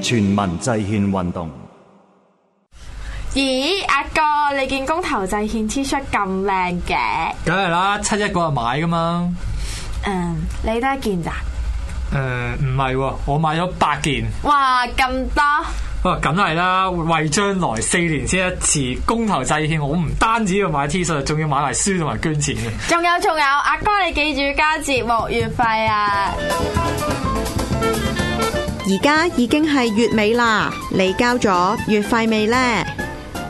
全民制憲運動？咦，阿哥，哥，你件公投制憲 T 恤咁靚嘅？梗係啦，七一嗰日買噶嘛。嗯，你都一件咋？誒、呃，唔係喎，我買咗八件。哇，咁多？哇，梗係啦，為將來四年先一次公投制憲，我唔單止要買 T 恤，仲要買埋書同埋捐錢嘅。仲有仲有，阿哥，哥你記住加節目月費啊！而家已經係月尾啦，你交咗月費未呢？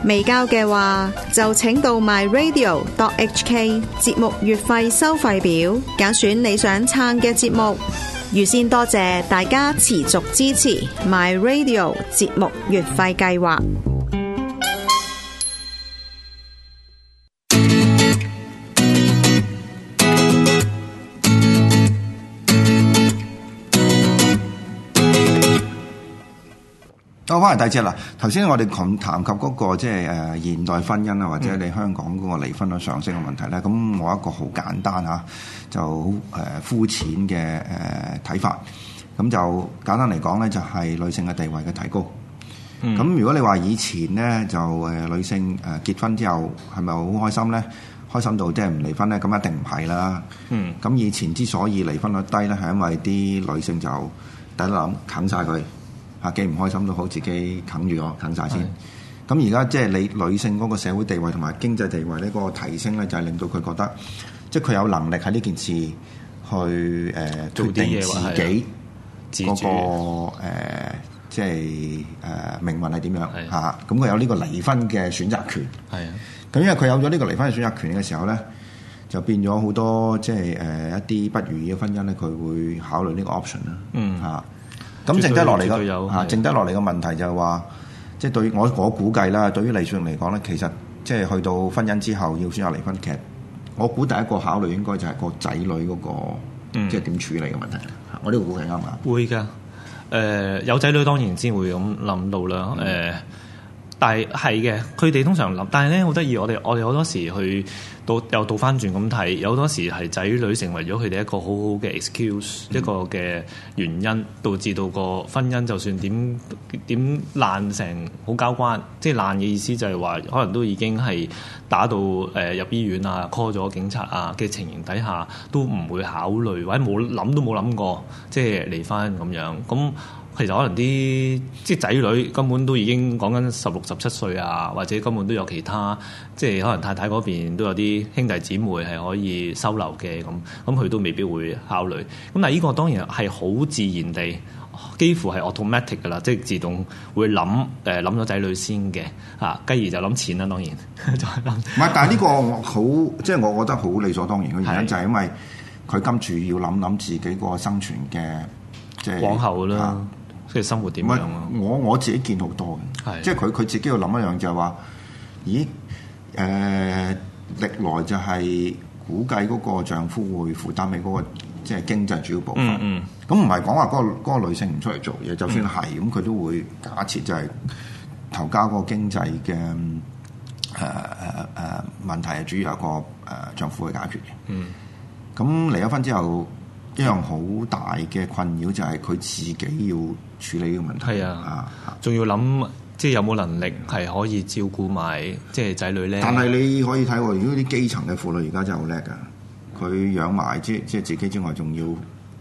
未交嘅話，就請到 myradio.hk 節目月費收費表，揀選你想撐嘅節目。預先多謝大家持續支持 My Radio 節目月費計劃。好，翻嚟第二節啦，頭先我哋談及嗰個即係誒現代婚姻啊，或者你香港嗰個離婚率上升嘅問題咧，咁、嗯、我一個好簡單嚇、啊、就誒、呃、膚淺嘅誒睇法，咁就簡單嚟講咧，就係、是、女性嘅地位嘅提高。咁、嗯、如果你話以前咧就誒、呃、女性誒結婚之後係咪好開心咧？開心到即係唔離婚咧？咁一定唔係啦。嗯。咁以前之所以離婚率低咧，係因為啲女性就第一諗啃晒佢。嚇，既唔開心都好，自己啃住我，啃晒先。咁而家即係你女性嗰個社會地位同埋經濟地位呢個提升呢，就係令到佢覺得，即係佢有能力喺呢件事去誒、呃、決定自己嗰、嗰個即係誒命運係點樣嚇。咁佢的、嗯嗯、有呢個離婚嘅選擇權。係啊，咁因為佢有咗呢個離婚嘅選擇權嘅時候呢，就變咗好多，即係誒一啲不如意嘅婚姻呢，佢會考慮呢個 option 啦。嗯，嚇。咁剩低落嚟嘅嚇，有啊、剩低落嚟嘅問題就係、是、話，即係、嗯、對我我估計啦。對於離訊嚟講咧，其實即係去到婚姻之後要選擇離婚劇，其實我估第一個考慮應該就係個仔女嗰、那個，嗯、即係點處理嘅問題。嗯、我呢個估計啱唔啱？會㗎、呃。有仔女當然先會咁諗到啦，呃嗯呃但係係嘅，佢哋通常諗，但係咧好得意，我哋我哋好多時去倒又倒翻轉咁睇，有好多時係仔女成為咗佢哋一個好好嘅 excuse，、嗯、一個嘅原因，導致到個婚姻就算點點爛成好交關，即係爛嘅意思就係話，可能都已經係打到、呃、入醫院啊，call 咗警察啊嘅情形底下，都唔會考慮或者冇諗都冇諗過，即係離婚咁樣咁。其實可能啲即係仔女根本都已經講緊十六十七歲啊，或者根本都有其他，即係可能太太嗰邊都有啲兄弟姊妹係可以收留嘅咁，咁佢都未必會考慮。咁但呢個當然係好自然地，幾乎係 automatic 嘅啦，即係自動會諗諗咗仔女先嘅嚇，繼、啊、而就諗錢啦。當然、嗯、就唔係但呢個我好即係我覺得好理所當然嘅原因，就係因為佢今住要諗諗自己個生存嘅即係。往、就是、後啦。啊即係生活點樣，我我自己見好多嘅，是的即係佢佢自己要諗一樣就係、是、話：，咦？誒、呃、歷來就係估計嗰個丈夫會負擔起嗰個即係經濟主要部分。嗯，咁唔係講話嗰個嗰個女性唔出嚟做嘢，就算係，咁佢、嗯、都會假設就係投交嗰個經濟嘅誒誒誒問題，主要係個丈夫去解決嘅。嗯。咁離咗婚之後，一樣好大嘅困擾就係、是、佢自己要處理呢個問題，係啊，仲、啊、要諗即係有冇能力係可以照顧埋即係仔女咧。但係你可以睇喎，如果啲基層嘅婦女而家真係好叻㗎！佢養埋即係即係自己之外還，仲要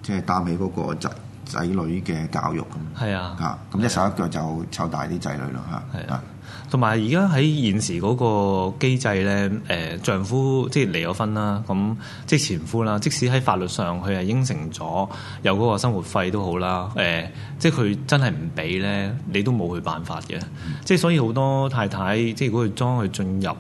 即係擔起嗰個仔仔女嘅教育咁。係啊，嚇咁一手一腳就湊大啲仔女啦嚇。係啊。同埋而家喺現時嗰個機制咧，誒丈夫即係離咗婚啦，咁即係前夫啦，即使喺法律上佢係應承咗有嗰個生活費都好啦，誒即係佢真係唔俾咧，你都冇去辦法嘅。即係所以好多太太，即係如果佢當佢進入誒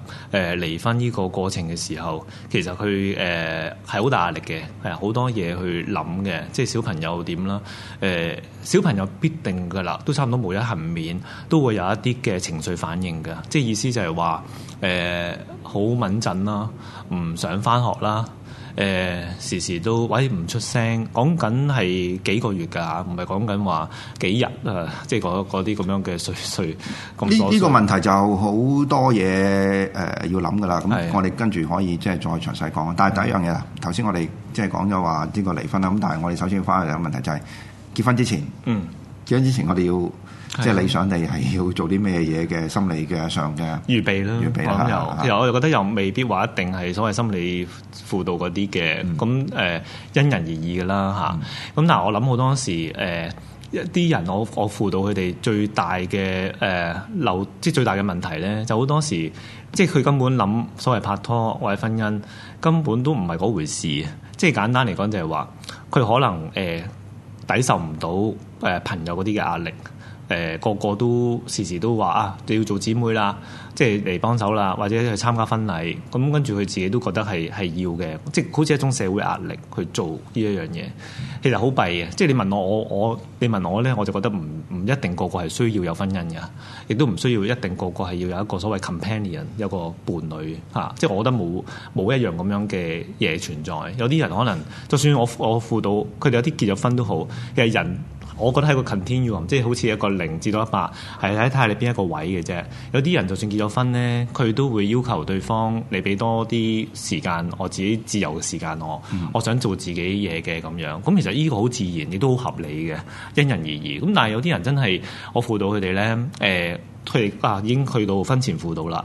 離婚呢個過程嘅時候，其實佢誒係好大壓力嘅，誒好多嘢去諗嘅，即係小朋友點啦，誒小朋友必定嘅啦，都差唔多無一幸免，都會有一啲嘅情緒反應。嘅，即係意思就係話，誒、呃，好穩陣啦，唔想翻學啦，誒、呃，時時都或唔出聲，講緊係幾個月噶吓，唔係講緊話幾日啊，即係嗰啲咁樣嘅碎碎。呢呢、這個問題就好多嘢誒、呃、要諗噶啦，咁我哋跟住可以即係再詳細講。是的但係第一樣嘢啦，頭先的我哋即係講咗話呢個離婚啦，咁但係我哋首先要返去兩個問題就係、是、結婚之前。嗯咁之前我哋要即係、就是、理想地係要做啲咩嘢嘅心理嘅上嘅預備啦，預備啦。又其實我又覺得又未必話一定係所謂心理輔導嗰啲嘅，咁誒、嗯、因人而異啦吓，咁、嗯、但我諗好多時一啲、呃、人，我我輔導佢哋最大嘅誒留即係最大嘅問題咧，就好多時即係佢根本諗所謂拍拖或者婚姻根本都唔係嗰回事。即係簡單嚟講就係話佢可能誒。呃抵受唔到誒，朋友嗰啲嘅壓力，誒、呃，個個都時時都話啊，都要做姊妹啦。即係嚟幫手啦，或者去參加婚禮，咁跟住佢自己都覺得係係要嘅，即係好似一種社會壓力去做呢一樣嘢。其實好弊嘅，即係你問我，我我你問我咧，我就覺得唔唔一定個個係需要有婚姻嘅，亦都唔需要一定個個係要有一個所謂 companion，有一個伴侶吓。即係我覺得冇冇一樣咁樣嘅嘢存在。有啲人可能就算我我輔導佢哋有啲結咗婚都好係人。我覺得係個 continuum，即係好似一個零至到一百，係睇睇下你邊一個位嘅啫。有啲人就算結咗婚咧，佢都會要求對方你俾多啲時間，我自己自由嘅時間，我我想做自己嘢嘅咁樣。咁其實呢個好自然，亦都好合理嘅，因人而異。咁但係有啲人真係我輔導佢哋咧，誒、呃，佢哋啊已經去到婚前輔導啦。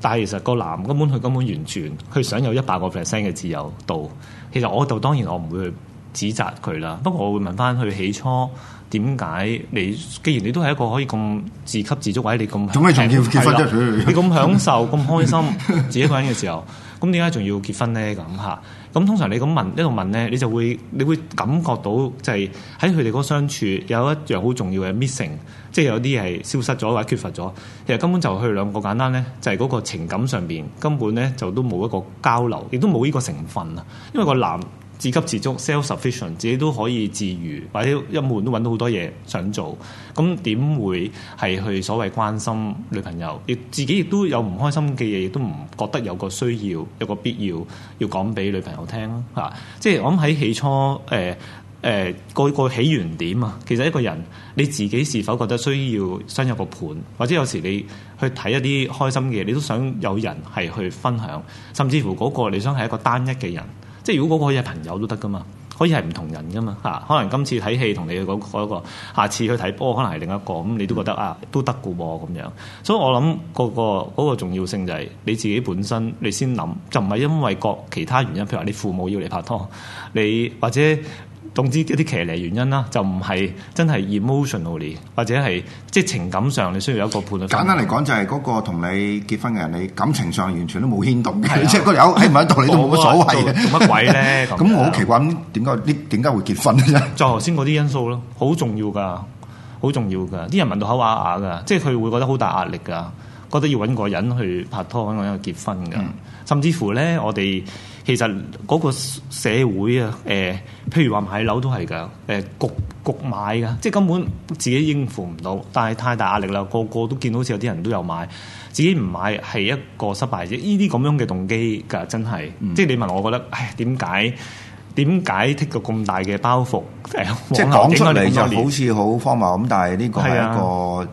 但係其實個男根本佢根本完全佢想有一百個 percent 嘅自由度。其實我就當然我唔會指責佢啦，不過我會問翻佢起初點解你？既然你都係一個可以咁自給自足，或者你咁，做咩仲要結婚呢了 你咁享受、咁 開心自己一個人嘅時候，咁點解仲要結婚咧？咁嚇，咁通常你咁問一度問咧，你就會你會感覺到就係喺佢哋嗰個相處有一樣好重要嘅 missing，即係有啲係消失咗或者缺乏咗，其實根本就佢兩個簡單咧，就係、係、嗰個情感上面，根本咧就都冇一個交流，亦都冇呢個成分啊，因為個男。自給自足，self-sufficient，自己都可以自娛，或者一悶都揾到好多嘢想做。咁點會係去所謂關心女朋友？亦自己亦都有唔開心嘅嘢，亦都唔覺得有個需要，有個必要要講俾女朋友聽啦。吓！即係、啊就是、我諗喺起初，誒、呃、誒、呃、個個起源點啊，其實一個人你自己是否覺得需要想有個伴，或者有時你去睇一啲開心嘅嘢，你都想有人係去分享，甚至乎嗰個你想係一個單一嘅人。即係如果嗰個係朋友都得噶嘛，可以係唔同人噶嘛、啊、可能今次睇戲同你嗰、嗰、嗰個，下次去睇波可能係另一個，咁你都覺得、嗯、啊都得嘅喎咁樣，所以我諗、嗰個個嗰、嗰個重要性就係你自己本身你先諗，就唔係因為各其他原因，譬如話你父母要你拍拖，你或者。總之一啲騎呢原因啦，就唔係真係 emotionally 或者係即係情感上你需要有一個判斷。簡單嚟講，就係嗰個同你結婚嘅人，你感情上完全都冇牽動嘅，即係的個友喺唔喺度你都冇乜所謂嘅，做乜鬼咧？咁我好奇怪點解啲點解會結婚咧？就頭先嗰啲因素咯，好重要噶，好重要噶，啲人問到口啞啞噶，即係佢會覺得好大壓力噶。覺得要揾個人去拍拖，揾個人去結婚嘅，嗯、甚至乎咧，我哋其實嗰個社會啊、呃，譬如話買樓都係嘅，焗、呃、焗買嘅，即係根本自己應付唔到，但係太大壓力啦，個個都見到，好似有啲人都有買，自己唔買係一個失敗者。呢啲咁樣嘅動機，噶真係，嗯、即係你問我，我覺得，唉，點解？點解剔個咁大嘅包袱？即係講出嚟就好似好荒謬咁，但係呢個係一個。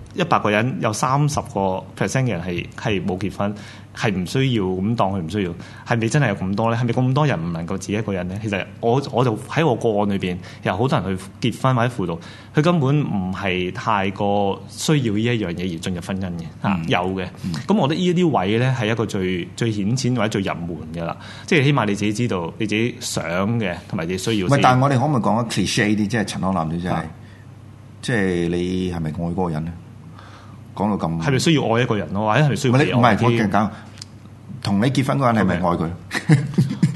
一百個人有三十個 percent 嘅人係係冇結婚，係唔需要咁當佢唔需要，係咪真係有咁多咧？係咪咁多人唔能夠自己一個人咧？其實我我就喺我個案裏邊，有好多人去結婚或者輔導，佢根本唔係太過需要呢一樣嘢而進入婚姻嘅嚇，嗯、有嘅。咁、嗯、我覺得呢一啲位咧係一個最最顯淺或者最入門嘅啦，即係起碼你自己知道你自己想嘅同埋你需要。喂，但係我哋可唔可以講得 cliche 啲，是的即係陳康南小姐，是的即係你係咪愛嗰個人咧？係咪需要愛一個人咯？或者係咪需要愛啲？唔係，我講，同你結婚嗰人係咪愛佢？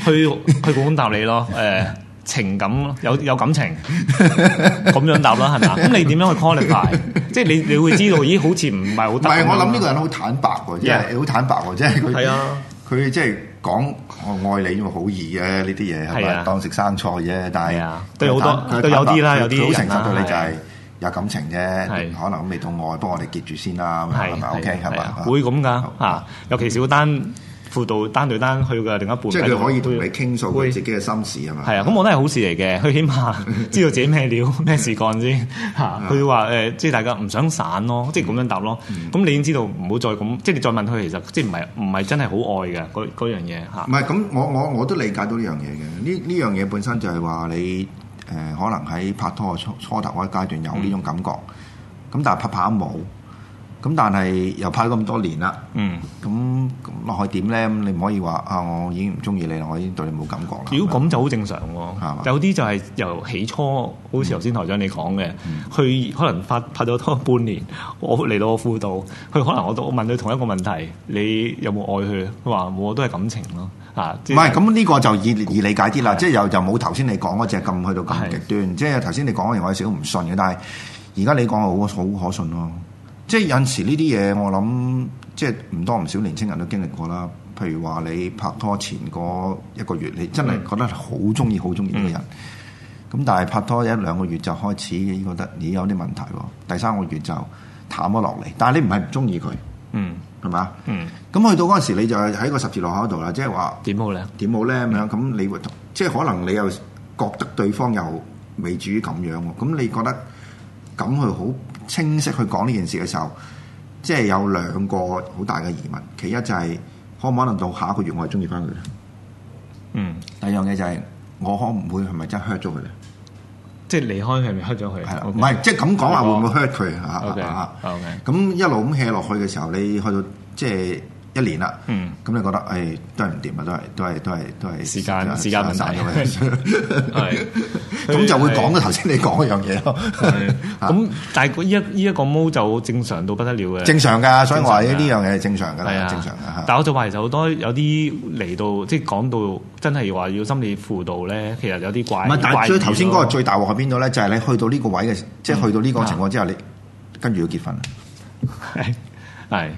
佢佢咁答你咯？誒，情感有有感情，咁樣答啦，係咪？咁你點樣去 qualify？即係你你會知道，咦？好似唔係好，但係我諗呢個人好坦白，即係好坦白，即係佢。係啊，佢即係講我愛你，好易啊，呢啲嘢，係咪當食生菜啫？但係都好多都有啲啦，有啲好情到你就係。有感情啫，可能未到愛，幫我哋結住先啦，係咪 OK 係嘛？會咁噶嚇，尤其是個單輔導單對單去嘅另一半，即係佢可以對你傾訴佢自己嘅心事吖嘛？係啊，咁我都係好事嚟嘅，佢起碼知道自己咩料、咩事幹先嚇。佢話即係大家唔想散咯，即係咁樣答咯。咁你已經知道，唔好再咁，即係你再問佢，其實即係唔係唔係真係好愛嘅嗰樣嘢嚇。唔係咁，我我我都理解到呢樣嘢嘅，呢呢樣嘢本身就係話你。誒、呃、可能喺拍拖初初頭嗰階段有呢種感覺，咁、嗯、但係拍拍冇，咁但係又拍咗咁多年啦，咁落、嗯、去點咧？你唔可以話啊，我已經唔中意你啦，我已經對你冇感覺啦。如果咁就好正常喎，吧有啲就係由起初好似頭先台長你講嘅，佢、嗯、可能拍咗拖半年，我嚟到我輔導，佢可能我我問佢同一個問題，你有冇愛佢？佢話冇，都係感情咯。唔係，咁呢、啊就是、個就易易理解啲啦，是的 即係又又冇頭先你講嗰隻咁去到咁極端，是的 即係頭先你講嘅嘢我有少少唔信嘅，但係而家你講好好可信咯。即係有陣時呢啲嘢，我諗即係唔多唔少年青人都經歷過啦。譬如話你拍拖前嗰一個月，你真係覺得好中意好中意呢個人，咁、嗯、但係拍拖一兩個月就開始覺得咦有啲問題喎，第三個月就淡咗落嚟，但係你唔係唔中意佢。嗯，係咪啊？嗯，咁去到嗰陣時，你就喺個十字路口嗰度啦，即係話點好咧？點好咧？咁樣咁，嗯，你會，即係可能你又覺得對方又未至於咁樣，咁你覺得咁去好清晰去講呢件事嘅時候，即係有兩個好大嘅疑問，其一就係可唔可能到下一個月我係中意翻佢咧？嗯，第二樣嘢就係我可唔會係咪真係 hurt 咗佢咧？即係離開係咪 hurt 咗佢？係啦，唔係的 Okay, 即係咁講話會唔會 hurt 佢？咁一路咁 hea 落去嘅時候，你去到即係。一年啦，咁你覺得誒都係唔掂啊？都係都係都係都係時間時間問題，係咁就會講到頭先你講嗰樣嘢咯。咁但係個一依一個毛就正常到不得了嘅，正常㗎，所以我話呢呢樣嘢係正常㗎啦，正常㗎。但我就話其實好多有啲嚟到即係講到真係話要心理輔導咧，其實有啲怪唔係，但係所以頭先嗰個最大鑊喺邊度咧？就係你去到呢個位嘅，即係去到呢個情況之後，你跟住要結婚係係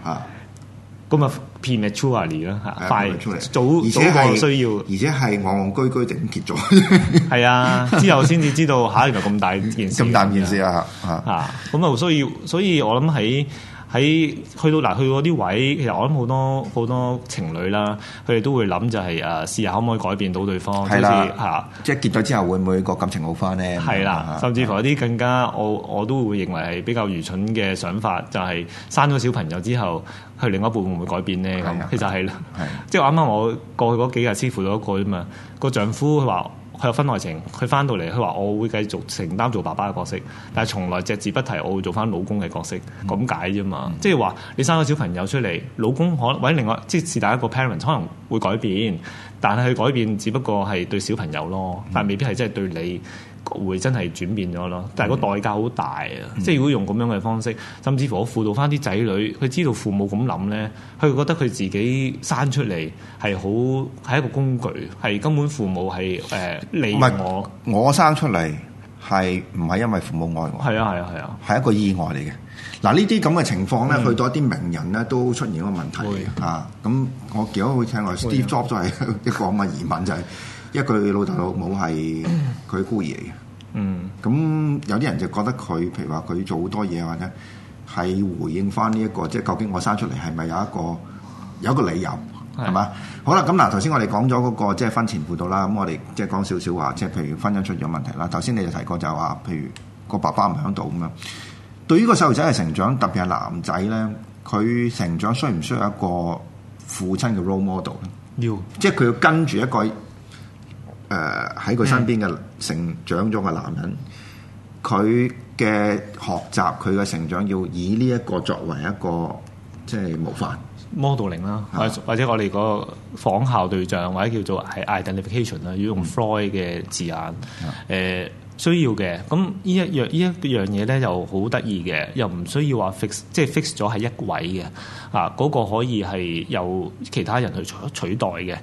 咁啊！片咪出嚟吓快早早過需要，而且係戇戇居居地咁結咗，係 啊！之後先至知道吓 原來咁大件事，咁大件事啊！吓吓咁啊，所以所以我諗喺。喺去到嗱去到啲位，其實我諗好多好多情侶啦，佢哋都會諗就係誒，試下可唔可以改變到對方，即係吓，即係結咗之後會唔會個感情好翻咧？係啦的，嗯、甚至乎有啲更加，嗯、我我都會認為係比較愚蠢嘅想法，就係、是、生咗小朋友之後，佢另一部分會唔會改變咧？咁的其實係啦，即係啱啱我過去嗰幾日師傅到一個啫嘛，個丈夫話。佢有婚外情，佢翻到嚟佢話：我會繼續承擔做爸爸嘅角色，但係從來隻字不提我會做翻老公嘅角色，咁、嗯、解啫嘛。嗯、即係話你生個小朋友出嚟，老公可或者另外，即是第一個 parent 可能會改變，但係佢改變只不過係對小朋友咯，嗯、但未必係真係對你。會真係轉變咗咯，但係個代價好大啊！嗯、即係如果用咁樣嘅方式，嗯、甚至乎我輔導翻啲仔女，佢知道父母咁諗咧，佢覺得佢自己生出嚟係好係一個工具，係根本父母係唔理我。我生出嚟係唔係因為父母愛我？係啊係啊係啊！係、啊啊、一個意外嚟嘅。嗱呢啲咁嘅情況咧，啊、去到一啲名人咧都出現咗問題啊！咁、啊、我幾好會聽我、啊、Steve Job 就係、啊、一個咁嘅疑問就係、係。一句老豆老母係佢孤兒嚟嘅，咁、嗯、有啲人就覺得佢，譬如話佢做好多嘢或者係回應翻呢一個，即係究竟我生出嚟係咪有一個有一個理由係嘛是？好啦，咁嗱頭先我哋講咗嗰個即係婚前輔導啦，咁我哋即係講少少話，即係譬如婚姻出咗問題啦。頭先你就提過就話，譬如個爸爸唔響度咁樣，對於個細路仔嘅成長，特別係男仔咧，佢成長需唔需要一個父親嘅 role model？要，即係佢要跟住一個。誒喺佢身邊嘅成長咗嘅男人，佢嘅、嗯、學習佢嘅成長要以呢一個作為一個即係模範 modeling 啦，Modeling, 或者我哋個仿效對象或者叫做 identification 啦，要用 Freud 嘅字眼、嗯嗯呃、需要嘅。咁呢一樣依一樣嘢咧，又好得意嘅，又唔需要話 fix 即係 fix 咗係一位嘅啊，嗰、那個可以係由其他人去取取代嘅。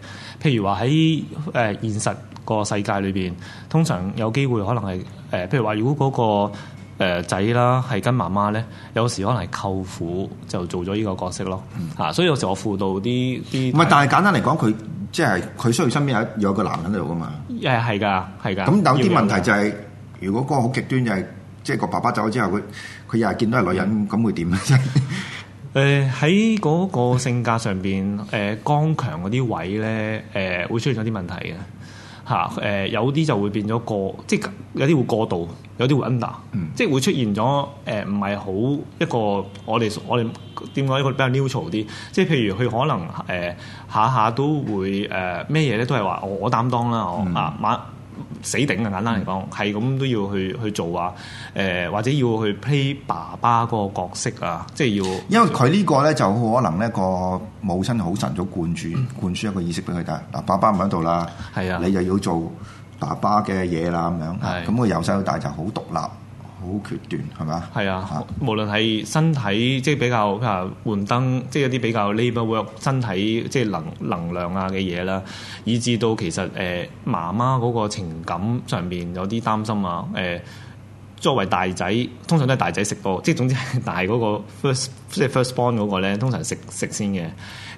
譬如話喺誒現實。個世界裏邊，通常有機會可能係誒，譬如話，如果嗰、那個、呃、仔啦，係跟媽媽咧，有時可能係舅父就做咗呢個角色咯。嚇、嗯啊，所以有時我輔導啲啲唔係，但係簡單嚟講，佢即係佢需要身邊有有一個男人喺度噶嘛。誒係㗎，係㗎。咁有啲問題就係、是，如果個好極端就係，即係個爸爸走咗之後，佢佢又係見到係女人，咁會點？即誒喺嗰個性格上邊，誒、呃、剛強嗰啲位咧，誒、呃、會出現咗啲問題嘅。嚇誒，有啲就會變咗過，即係有啲會過度，有啲會 under，、嗯、即係會出現咗誒唔係好一個我哋我哋點講，一個比較 neutral 啲，即係譬如佢可能誒、呃、下下都會誒咩嘢咧，呃、都係話我擔當啦，我、嗯、啊馬。死頂啊！簡單嚟講，係咁都要去去做啊！誒、呃，或者要去 play 爸爸嗰個角色啊，即係要因為佢呢個咧就可能咧個母親好神早灌注、嗯、灌輸一個意識俾佢哋。嗱，爸爸唔喺度啦，係是啊，你就要做爸爸嘅嘢啦咁樣。係，咁佢由細到大就好獨立。好決斷係咪？係啊，無論係身體，即係比較啊，譬如換燈，即係一啲比較 labour work，身體即係能能量啊嘅嘢啦，以至到其實誒媽、呃、媽，媽個情感上面有啲擔心啊、呃作為大仔，通常都係大仔食多，即係總之係大、嗰個 first，即 firstborn 嗰個咧，通常食食先嘅，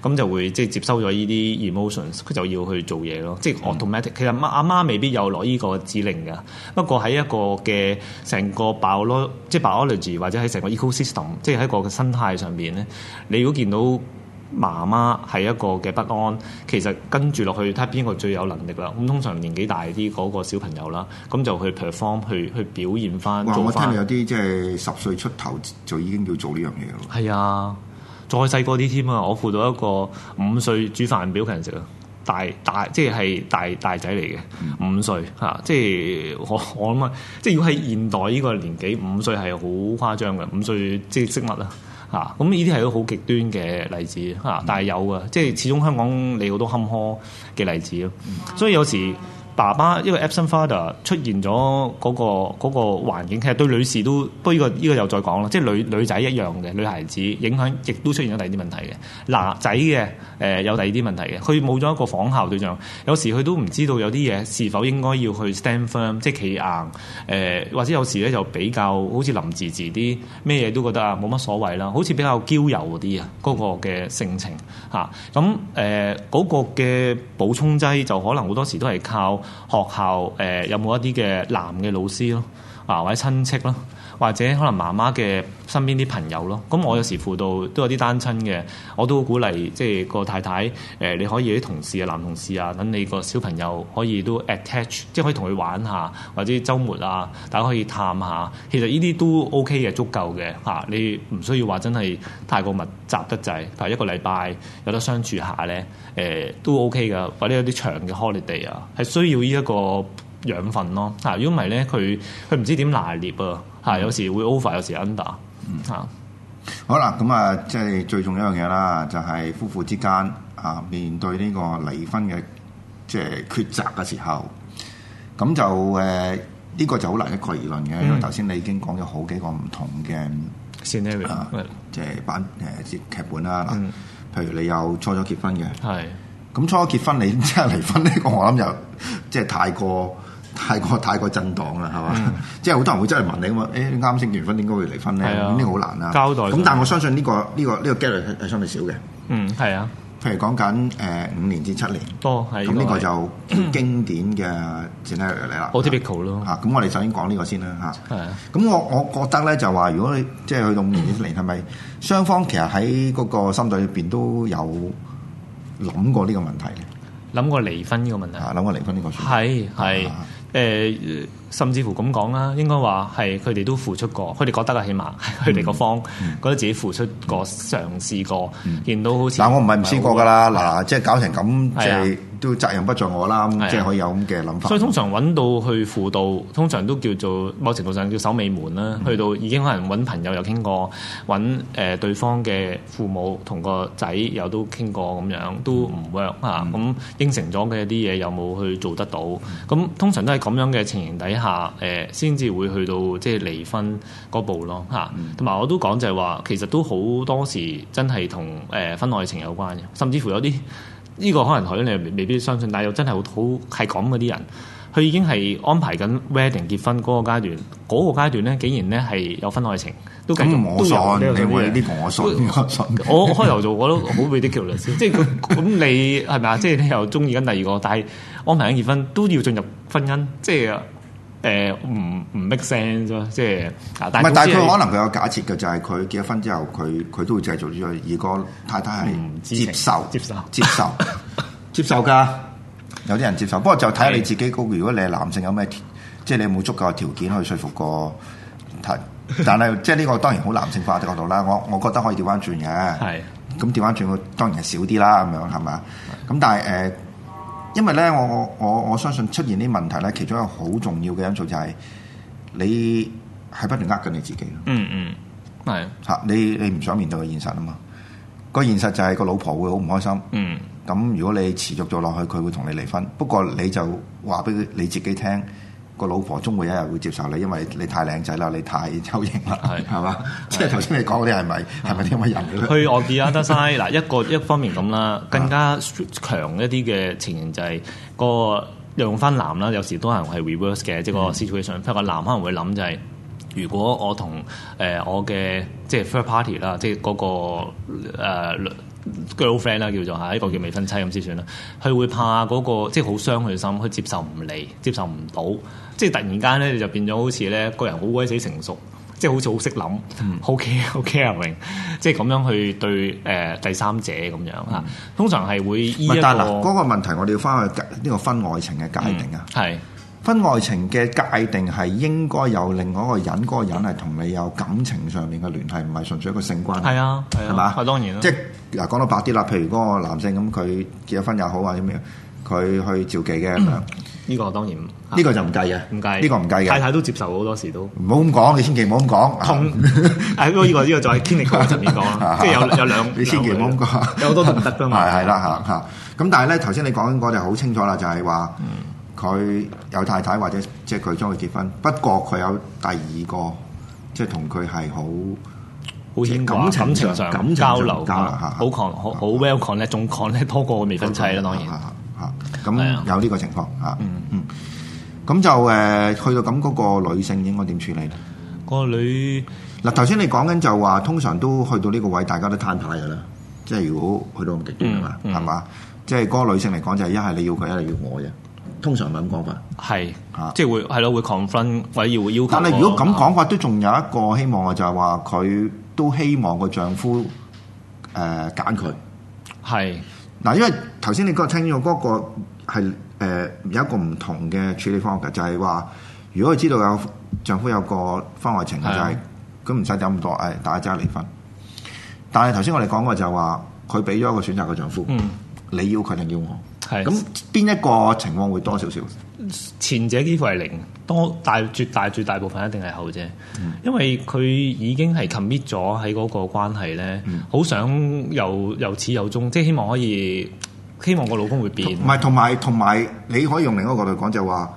咁就會即係接收咗呢啲 emotions，佢就要去做嘢咯，即係 automatic、嗯。其實阿媽，阿媽未必有攞呢個指令㗎，不過喺一個嘅成個 biology 或者喺成個 ecosystem，即係喺一個生態上面咧，你如果見到。媽媽係一個嘅不安，其實跟住落去睇邊個最有能力啦。咁通常年紀大啲嗰個小朋友啦，咁就去 perform 去去表現翻。做翻哇！我聽到有啲即係十歲出頭就已經要做呢樣嘢咯。係啊，再細個啲添啊！我輔導一個五歲煮飯畀嘅人食、就是嗯、啊，大大即係係大大仔嚟嘅，五歲嚇，即係我我諗啊，即係如果喺現代呢個年紀，五歲係好誇張嘅，五歲即係識物啊？吓，咁呢啲係一個好極端嘅例子吓，但係有嘅，即係始終香港你好多坎坷嘅例子咯，所以有時。爸爸，因為 absent father 出現咗嗰、那個嗰、那個、環境，其實對女士都，不過呢個呢、這個又再講啦，即係女女仔一樣嘅女孩子，影響亦都出現咗第二啲問題嘅，男仔嘅誒有第二啲問題嘅，佢冇咗一個仿效對象，有時佢都唔知道有啲嘢是否應該要去 stand firm，即係企硬，誒、呃、或者有時咧就比較好似林子子啲咩嘢都覺得啊冇乜所謂啦，好似比較嬌柔啲、那個、啊，嗰、呃那個嘅性情嚇，咁誒嗰個嘅補充劑就可能好多時都係靠。學校誒有冇一啲嘅男嘅老師咯，啊，或者親戚咯。或者可能媽媽嘅身邊啲朋友咯，咁我有時輔導都有啲單親嘅，我都鼓勵即係、就是、個太太、呃、你可以啲同事啊、男同事啊，等你個小朋友可以都 attach，即係可以同佢玩下，或者周末啊，大家可以探下。其實呢啲都 OK 嘅，足夠嘅、啊、你唔需要話真係太過密集得滯，但係一個禮拜有得相處下咧、啊，都 OK 噶。或者有啲長嘅 holiday 啊，係需要呢一個養分咯。嚇、啊，如果唔係咧，佢佢唔知點拿捏啊。係有時會 over，有時 under 嗯。嗯嚇是，好啦，咁啊，即係最重要一樣嘢啦，就係夫婦之間啊，面對呢個離婚嘅即係抉擇嘅時候，咁就誒呢、呃這個就好難一概而論嘅，嗯、因為頭先你已經講咗好幾個唔同嘅 scenario 啊、呃，即、就、係、是、版誒、呃、劇本啦。嗱、嗯，譬如你有初初結婚嘅，係咁是初初結婚你即係離婚呢、這個，我諗又即係太過。太過太過震盪啦，係嘛？即係好多人會真係問你咁啱先結完婚點解會離婚咧，咁呢好難啦。交代咁，但我相信呢個呢個呢個 e 係相對少嘅。嗯，係啊。譬如講緊誒五年至七年，哦，咁呢個就經典嘅 scenario 嚟啦。o p t i c l 咁我哋首先講呢個先啦，咁我我覺得咧就話，如果你即係去到五年至七年，係咪雙方其實喺嗰個心裏邊都有諗過呢個問題？諗過離婚呢個問題？諗過離婚呢個？係係。誒、呃，甚至乎咁講啦，應該話係佢哋都付出過，佢哋覺得啊，起碼佢哋個方、嗯嗯、覺得自己付出過、嗯、嘗試過，嗯、見到好似嗱，但我唔係唔試過噶啦，嗱、嗯，即係搞成咁即係都責任不在我啦，即係可以有咁嘅諗法。所以通常揾到去輔導，通常都叫做某程度上叫守尾門啦。嗯、去到已經可能揾朋友又傾過，揾誒、呃、對方嘅父母同個仔又都傾過咁樣，都唔 work 嚇、啊。咁、嗯嗯、應承咗嘅啲嘢有冇去做得到？咁、嗯、通常都係咁樣嘅情形底下，誒先至會去到即係離婚嗰步咯嚇。同、啊、埋我都講就係話，其實都好多時真係同誒婚外情有關嘅，甚至乎有啲。呢個可能佢未必相信，但又真係好係咁嗰啲人，佢已經係安排緊 wedding 結婚嗰個階段，嗰、那個階段咧竟然咧係有婚外情，都咁我信，有你有啲唔我信，都我開頭我做 我都好 reject 即係咁你係咪啊？即係、就是、你又中意緊第二個，但係安排緊結婚都要進入婚姻，即、就、係、是。誒唔唔 make sense 啫，即係唔係？但係佢不、就是、可能佢有假設嘅，就係、是、佢結咗婚之後，佢佢都會繼續做。如果太太係接受，接受，接受， 接受㗎的， 有啲人接受。不過就睇下你自己個。的如果你係男性有，有咩即係你有冇足夠嘅條件去説服個太太？ 但係即係呢個當然好男性化嘅角度啦。我我覺得可以調翻轉嘅，係咁調翻轉，當然係少啲啦。咁樣係嘛？咁的但係誒。呃因為咧，我我我我相信出現啲問題咧，其中一個好重要嘅因素就係、是、你係不斷呃緊你自己。嗯嗯，係吓，你你唔想面對個現實啊嘛？個現實就係個老婆會好唔開心。嗯，咁如果你持續做落去，佢會同你離婚。不過你就話俾你自己聽。個老婆終會一日會接受你，因為你太靚仔啦，你太抽型啦，係嘛是？即係頭先你講嗰啲係咪係咪因為人去我見啊，德生嗱，一個一方面咁啦，更加強一啲嘅情形就係、是、個、啊、用翻男啦，有時都係我 reverse 嘅，即、就是、s i t 係個思潮上，即係個男可能會諗就係、是，如果我同誒、呃、我嘅即係 first party 啦，即係嗰、那個誒 girlfriend 啦，uh, girl friend, 叫做嚇，一個叫未婚妻咁先算啦，佢會怕嗰、那個即係好傷佢心，佢接受唔嚟，接受唔到。即係突然間咧，你就變咗好似咧個人好鬼死成熟，即係好似好識諗，OK，OK，right？即係咁樣去對誒、呃、第三者咁樣啊。嗯、通常係會依一個嗱嗰、那個問題，我哋要翻去呢個婚外情嘅界定啊。係、嗯、婚外情嘅界定係應該有另外一個人，嗰個人係同你有感情上面嘅聯繫，唔係純粹一個性關係啊。係啊，係吧啊，當然啦。即係嗱講到白啲啦，譬如嗰個男性咁，佢結咗婚又好啊，點樣？佢去召妓嘅，呢個當然呢個就唔計嘅，呢個唔計嘅，太太都接受好多時都唔好咁講，你千祈唔好咁講。痛，呢個呢個再傾你個側即係有有兩，你千祈唔好咁講，有好多都唔得噶嘛。啦嚇嚇，咁但係咧頭先你講過就好清楚啦，就係話佢有太太或者即係佢將佢結婚，不過佢有第二個即係同佢係好好感情上交流，交流嚇，好好 well connect，仲 connect 多過未婚妻啦，當然。嚇，咁有呢個情況嚇，嗯嗯，咁、嗯、就誒去到咁嗰、嗰個女性應該點處理咧？個女嗱頭先你講緊就話，通常都去到呢個位，大家都攤牌嘅啦，即係如果去到咁極端啊嘛，係嘛？即係嗰個女性嚟講，就係一係你要佢，一係要我啫。通常係咁講法。係嚇是，啊、即係會係咯，會 confront，或者要要求、那個。但係如果咁講法，都仲有一個希望啊，就係話佢都希望個丈夫誒揀佢。係、呃。但因為頭先你嗰、那個聽咗嗰個係有一個唔同嘅處理方法嘅，就係、是、話如果佢知道有丈夫有個婚外情嘅，是的就係佢唔使抌咁多，誒大家即刻離婚。但係頭先我哋講過就話佢俾咗一個選擇個丈夫，嗯、你要佢定要我，咁邊的一個情況會多少少？嗯前者幾乎係零，多大絕大絕大，大部分一定係後者，嗯、因為佢已經係 commit 咗喺嗰個關係咧，好、嗯、想由由始有終，即係希望可以希望個老公會變，唔係同埋同埋你可以用另一個角度講就話。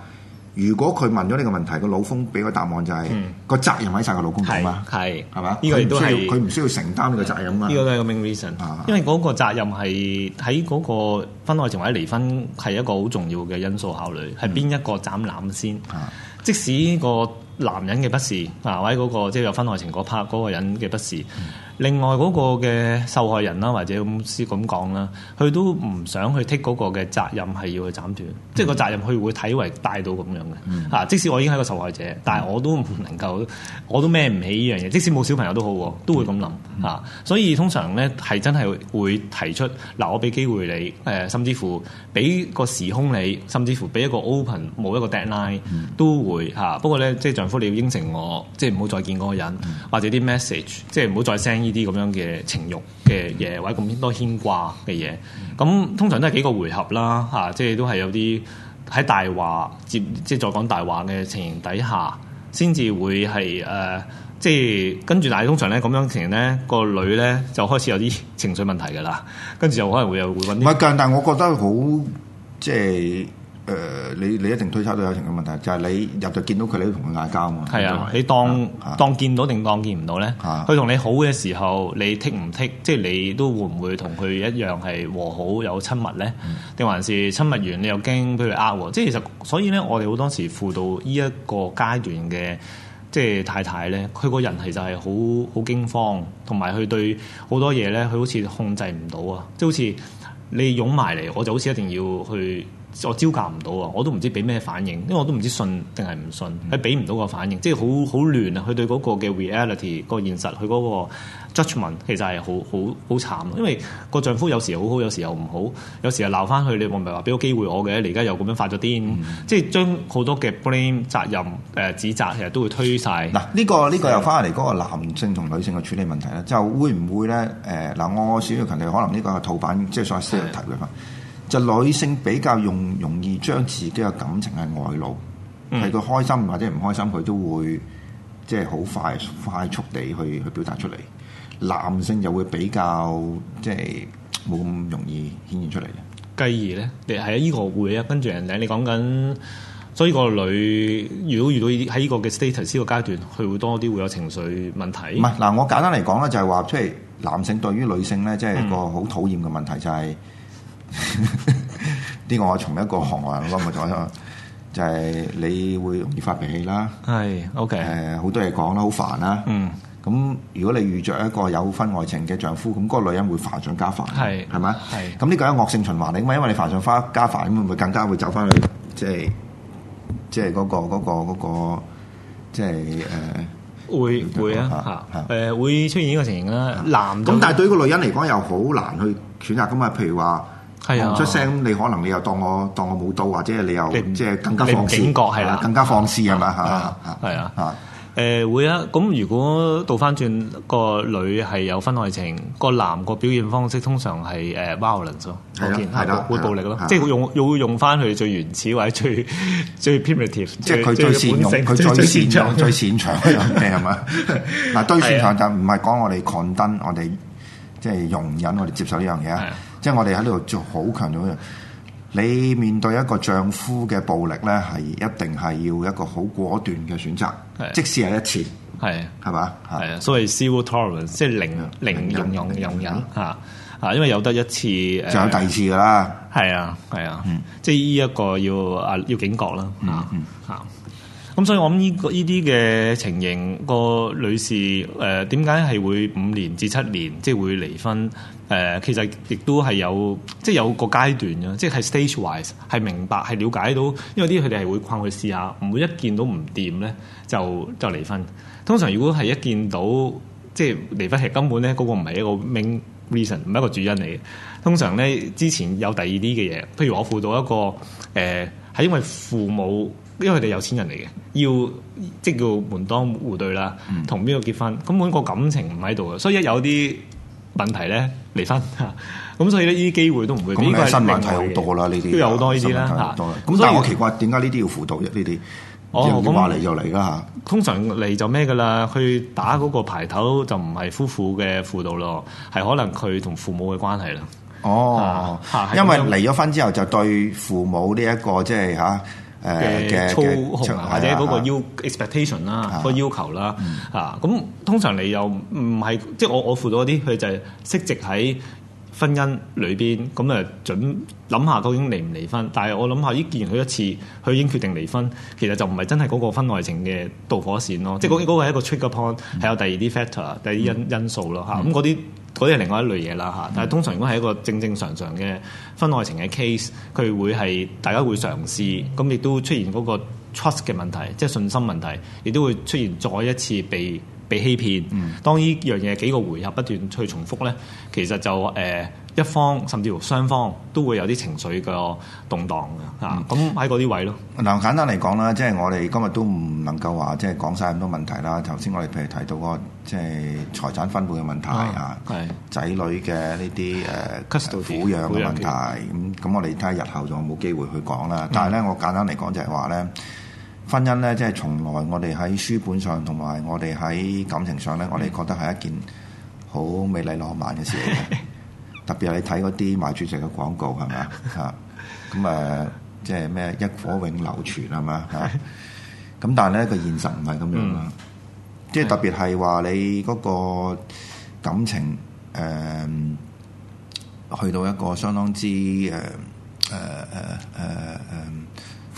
如果佢問咗呢個問題，個老風俾個答案就係、是、個、嗯、責任喺晒吧個老公度嘛，係係嘛？呢個都係佢唔需要承擔呢個責任啊！呢個都係明 reason，因為嗰個責任係喺嗰個婚外情或者離婚係一個好重要嘅因素考慮，係邊一個斬纜先？啊、即使嗰個男人嘅不是，啊、或者，喺嗰個即係有婚外情嗰 part 嗰個人嘅不是。嗯另外嗰個嘅受害人啦，或者公司咁講啦，佢都唔想去剔個嘅責任係要去斬斷，即係個責任佢、mm hmm. 會睇為帶到咁樣嘅嚇。Mm hmm. 即使我已經係個受害者，但係我都唔能夠我都孭唔起呢樣嘢。即使冇小朋友都好，都會咁諗嚇。所以通常咧係真係會提出嗱，我俾機會你誒甚至乎俾個時空你，甚至乎俾一個 open 冇一個 deadline、mm hmm. 都會吓、啊、不過咧，即、就、係、是、丈夫你要應承我，即係唔好再見個人，mm hmm. 或者啲 message 即係唔好再 s 呢啲咁樣嘅情欲嘅嘢，或者咁多牽掛嘅嘢，咁通常都係幾個回合啦，吓，即係都係有啲喺大話接，即係再講大話嘅情形底下，先至會係誒、呃，即係跟住但係通常咧咁樣情形咧，個女咧就開始有啲情緒問題噶啦，跟住就可能會有會搵啲，唔係，但係我覺得好即係。就是誒、呃，你你一定推測到友情嘅問題，就係、是、你入就見到佢，你都同佢嗌交嘛？係啊，你當、啊、當見到定當見唔到咧？佢同、啊、你好嘅時候，你剔唔剔？即係你都會唔會同佢一樣係和好有親密咧？定、嗯、還是親密完你又驚，俾佢呃喎？即係其實，所以咧，我哋好多時輔導呢一個階段嘅即係太太咧，佢個人其實係好好驚慌，同埋佢對多好多嘢咧，佢好似控制唔到啊！即係好似你擁埋嚟，我就好似一定要去。我招架唔到啊！我都唔知俾咩反應，因為我都唔知信定係唔信，佢俾唔到個反應，即係好好亂啊！佢對嗰個嘅 reality 個現實，佢嗰個 judgment 其實係好好好慘，因為個丈夫有時好好，有時又唔好，有時又鬧翻佢，你我唔係話俾個機會我嘅，你而家又咁樣發咗癲，嗯、即係將好多嘅 blame 責任誒、呃、指責其實都會推晒。嗱呢、呢個呢、呢個又翻嚟嗰個男性同女性嘅處理問題啦，就會唔會咧？誒、呃、嗱，我我少強哋可能呢個係套板，即、就、係、是、所謂的的 s y 就女性比較容容易將自己嘅感情係外露，係佢、嗯、開心或者唔開心，佢都會即係好快快速地去去表達出嚟。男性就會比較即係冇咁容易顯現出嚟。繼而咧，係啊，依個會啊，跟住人哋你講緊，所以個女如果遇到喺呢個嘅 status 依個階段，佢會多啲會有情緒問題。唔係嗱，我簡單嚟講咧，就係話，即係男性對於女性咧，即係一個好討厭嘅問題就係。呢個 我從一個行外人角度睇咧， 就係你會容易發脾氣啦。係，OK。誒、呃，好多嘢講啦，好煩啦。嗯，咁如果你遇着一個有婚外情嘅丈夫，咁嗰個女人會煩上加煩。係，係嘛？係。咁呢個係惡性循環嚟因為你煩上加加煩，咁咪會會更加會走翻去，即係即係嗰、那個嗰、那個、那個那個，即係誒。呃、會會啊，誒是、呃、會出現呢個情形啦。是男咁的，但係對一個女人嚟講又好難去選擇噶嘛？譬如話。講出聲，你可能你又當我當我冇到，或者你又即係更加放肆，更加放肆係嘛？吓？係啊，誒，會啊。咁如果倒翻轉，個女係有婚外情，個男個表現方式通常係誒 violence 咯，係啦，會暴力咯，即係用，用翻佢最原始或者最最 primitive，即係佢最善用，佢最擅長、最擅長呢樣嘢係嘛？嗱，對擅長就唔係講我哋抗爭，我哋即係容忍，我哋接受呢樣嘢啊。即係我哋喺呢度做好強咗，你面對一個丈夫嘅暴力咧，係一定係要一個好果斷嘅選擇，即使係一次，係啊，係嘛，係啊，所謂 civil tolerance 即係零零容容容忍嚇嚇，因為有得一次，就有第二次㗎啦，係啊係啊，即係呢一個要啊要警覺啦嚇嚇。咁所以我諗呢個呢啲嘅情形，個女士誒點解係會五年至七年即係、就是、會離婚？誒、呃，其實亦都係有即係、就是、有一個階段嘅，即、就、係、是、stage wise 係明白係了解到，因為啲佢哋係會框佢試下，唔會一見到唔掂咧就就離婚。通常如果係一見到即係離婚，係根本咧嗰、那個唔係一個 main reason，唔係一個主因嚟。嘅。通常咧之前有第二啲嘅嘢，譬如我輔導一個誒係、呃、因為父母。因為佢哋有錢人嚟嘅，要即係叫門當戶對啦，同邊個結婚？根本、嗯、個感情唔喺度嘅，所以一有啲問題咧離婚吓，咁所以咧呢啲機會都唔會咁嘅新問題，好多啦，呢啲都有好多呢啲啦吓。咁、啊、但係我奇怪點解呢啲要輔導嘅呢啲？我咁話嚟就嚟噶吓，通常嚟就咩噶啦？去打嗰個牌頭就唔係夫婦嘅輔導咯，係可能佢同父母嘅關係啦。哦，啊、因為離咗婚之後就對父母呢、這、一個即係吓。啊嘅操控啊，或者嗰個要 expectation 啦，個要求啦，嚇咁、啊啊、通常你又唔係即係我我輔導啲佢就適值喺婚姻裏邊咁誒，準諗下究竟離唔離婚？但係我諗下，依既然佢一次佢已經決定離婚，其實就唔係真係嗰個婚外情嘅導火線咯，嗯、即係嗰嗰個係一個 trigger point，係、嗯、有第二啲 factor、第二啲因因素咯吓，咁嗰啲。嗯啊嗰啲係另外一類嘢啦嚇，但係通常如果係一個正正常常嘅婚外情嘅 case，佢會係大家會嘗試，咁亦都出現嗰個 trust 嘅問題，即係信心問題，亦都會出現再一次被被欺騙。當呢樣嘢幾個回合不斷去重複呢，其實就誒。呃一方甚至乎雙方都會有啲情緒嘅動盪嘅啊！咁喺嗰啲位咯。嗱，簡單嚟講啦，即係我哋今日都唔能夠話即係講晒咁多問題啦。頭先我哋譬如提到個即係財產分配嘅問題啊，仔女嘅呢啲誒撫養嘅問題咁。咁養我哋睇下日後仲有冇機會去講啦。嗯、但係咧，我簡單嚟講就係話咧，婚姻咧即係從來我哋喺書本上同埋我哋喺感情上咧，嗯、我哋覺得係一件好美麗浪漫嘅事 特別係你睇嗰啲賣主席嘅廣告係嘛嚇？咁誒、 啊，即係咩一火永流傳係嘛嚇？咁、 啊、但係咧，個現實唔係咁樣啦。嗯、即係特別係話你嗰個感情誒、呃，去到一個相當之誒誒誒誒誒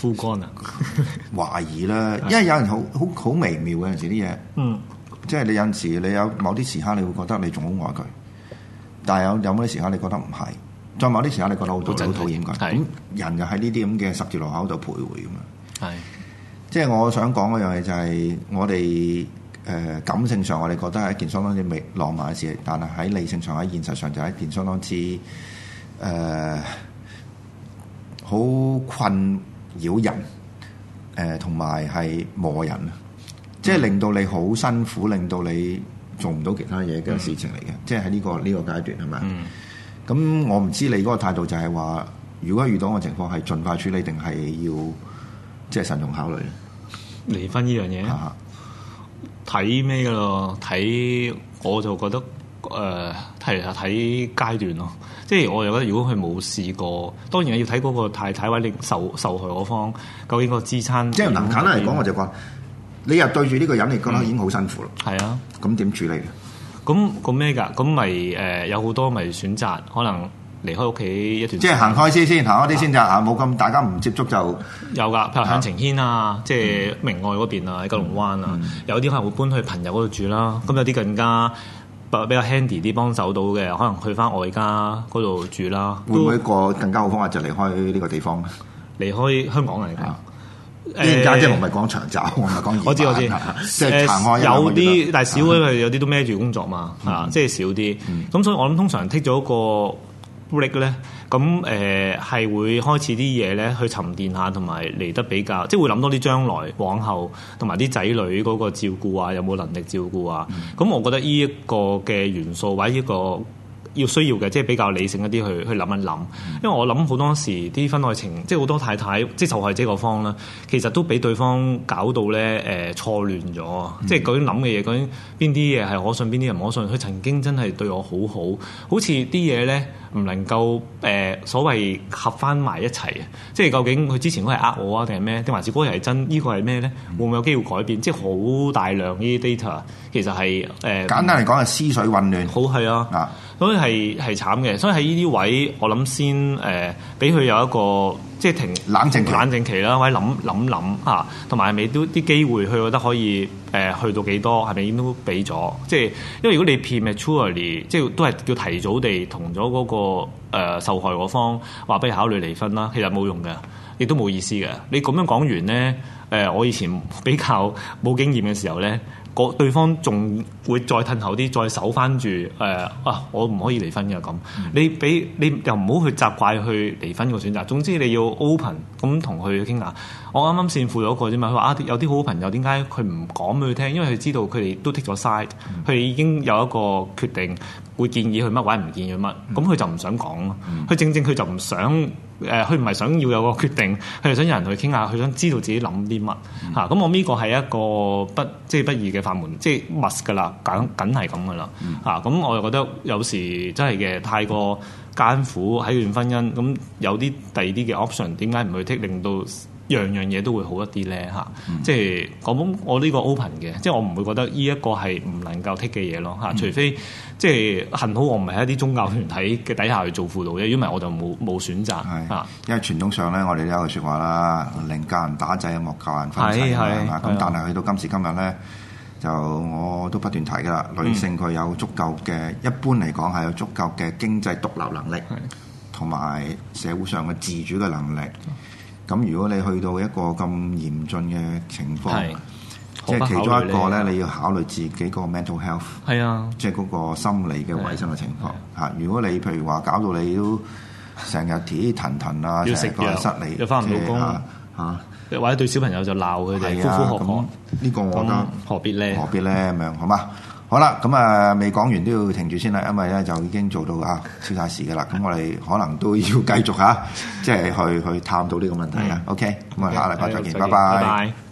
枯乾啊！ 懷疑啦， 因為有人好好好微妙嘅陣時啲嘢，嗯，即係你有陣時你有某啲時刻，你會覺得你仲好愛佢。但有有啲時間你覺得唔係，再某啲時間你覺得好討好討厭佢。咁人就喺呢啲咁嘅十字路口度徘徊㗎嘛。係是，即係我想講嗰樣嘢就係、是、我哋誒、呃、感性上我哋覺得係一件相當之美浪漫嘅事，但係喺理性上喺現實上就係一件相當之誒好困擾人，誒同埋係磨人，嗯、即係令到你好辛苦，令到你。做唔到其他嘢嘅事情嚟嘅，嗯、即係喺呢個呢、呢個階段係咪啊？咁、嗯、我唔知你嗰個態度就係話，如果遇到個情況係盡快處理，定係要即係慎重考慮咧？離婚呢樣嘢，睇咩嘅咯？睇我就覺得誒，係、呃、睇階段咯。即係我又覺得，如果佢冇試過，當然要睇嗰個太太或你受受害嗰方究竟個支撐即係。即係簡單嚟講，的常常我就話。你又對住呢個人嚟講已經好辛苦啦。係、嗯、啊，咁點處理？咁咁咩㗎？咁咪、呃、有好多咪選擇，可能離開屋企一段時間。即係行開先，開先，行開啲先就嚇？冇咁、啊、大家唔接觸就有㗎。譬如向晴軒啊，即係、啊、明愛嗰邊啊，喺九龍灣啊，嗯嗯、有啲可能會搬去朋友嗰度住啦。咁、嗯、有啲更加比較 handy 啲幫手到嘅，可能去翻外家嗰度住啦。會唔會一個更加好方法就離開呢個地方？離開香港嚟、啊、講。依即係我唔係講長走、呃，我唔係講我知我知，即係、就是呃、有啲，但係少啲係、嗯、有啲都孭住工作嘛嚇，即係、嗯、少啲。咁、嗯、所以我諗通常剔咗個 break 咧，咁誒係會開始啲嘢咧去沉澱下，同埋嚟得比較，即、就、係、是、會諗多啲將來、往後同埋啲仔女嗰個照顧啊，有冇能力照顧啊？咁、嗯、我覺得呢一個嘅元素或者呢、這個。要需要嘅，即係比較理性想一啲去去諗一諗。因為我諗好多時啲婚外情，即係好多太太即係受害者嗰方啦，其實都俾對方搞到咧誒、呃、錯亂咗，嗯、即係究竟諗嘅嘢，究竟邊啲嘢係可信，邊啲人唔可信？佢曾經真係對我好好，好似啲嘢咧唔能夠誒、呃、所謂合翻埋一齊嘅，即係究竟佢之前都係呃我啊，定係咩？啲壞事哥又係真，這個、是什麼呢個係咩咧？會唔會有機會改變？嗯、即係好大量呢啲 data，其實係誒、呃、簡單嚟講係思緒混亂好。好係啊。啊。所以係係慘嘅，所以喺呢啲位，我諗先誒，俾、呃、佢有一個即係停冷靜冷靜期啦，或者諗諗諗嚇，同埋係咪都啲機會，佢覺得可以誒、呃、去到幾多，係咪已經都俾咗？即、就、係、是、因為如果你 prematurely 即係都係要提早地同咗嗰個、呃、受害嗰方話俾佢考慮離婚啦，其實冇用嘅，亦都冇意思嘅。你咁樣講完咧，誒、呃、我以前比較冇經驗嘅時候咧。個對方仲會再褪後啲，再守翻住誒、呃、啊！我唔可以離婚嘅。咁，你俾你又唔好去責怪去離婚嘅選擇。總之你要 open 咁同佢傾下。我啱啱先付咗個啫嘛，佢話啊，有啲好朋友點解佢唔講俾佢聽？因為佢知道佢哋都 take 咗 side，佢已經有一個決定。會建議佢乜位，唔建議乜，咁佢、嗯、就唔想講咯。佢、嗯、正正佢就唔想，誒、呃，佢唔係想要有個決定，佢就想有人去佢傾下，佢想知道自己諗啲乜嚇。咁、嗯啊、我呢個係一個不即係、就是、不易嘅法門，即係密 u s t 噶啦，緊緊係咁噶啦嚇。咁我又覺得有時候真係嘅，太過艱苦喺段婚姻，咁有啲第二啲嘅 option，點解唔去剔令到？樣樣嘢都會好一啲咧嚇，即係我我呢個 open 嘅，即係我唔會覺得呢一個係唔能夠剔嘅嘢咯嚇，嗯、除非即係幸好我唔係喺一啲宗教團體嘅底下去做輔導嘅，因為我就冇冇選擇啊。因為傳統上咧，我哋都有説話啦，寧教人打仔，莫教人分妻啊。咁但係去到今時今日咧，的就我都不斷提噶啦，女性佢有足夠嘅，嗯、一般嚟講係有足夠嘅經濟獨立能力，同埋的社會上嘅自主嘅能力。咁如果你去到一個咁嚴峻嘅情況，即係其中一個咧，你要考慮自己個 mental health，係啊，即係嗰個心理嘅衞生嘅情況嚇。如果你譬如話搞到你都成日跌騰騰啊，食藥失禮，返唔到工嚇，或者對小朋友就鬧佢哋，咁呢個我覺得何必咧，何必咧咁、嗯、樣，好嗎？好啦，咁啊未講完都要停住先啦，因為咧就已經做到啊超曬時嘅啦。咁我哋可能都要繼續啊，即係去去探討呢個問題啊。OK，咁我哋下禮拜、哎、再見，再見拜拜。拜拜。